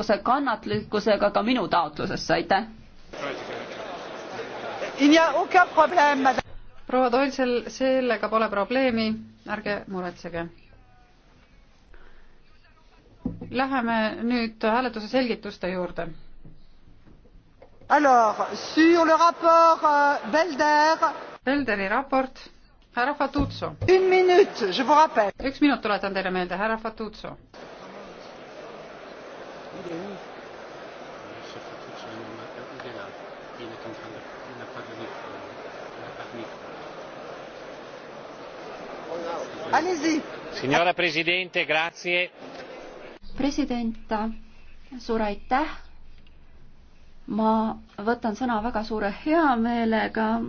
see kannatlikkusega ka minu taotlusesse, aitäh. proua Toilsel, sellega pole probleemi, ärge muretsege. Läheme nüüd hääletuse selgituste juurde. Euh, Belder. Belderi raport, härra Fatuzzo. üks minut, tuletan teile meelde, härra Fatuzzo Il est où Ce photo sur le nom, il est là. Il est en train de. Il n'a pas de micro. Il n'a pas de micro. Allez-y. Signora Presidente, grazie. President, suur aitäh. ma võtan sõna väga suure heameelega.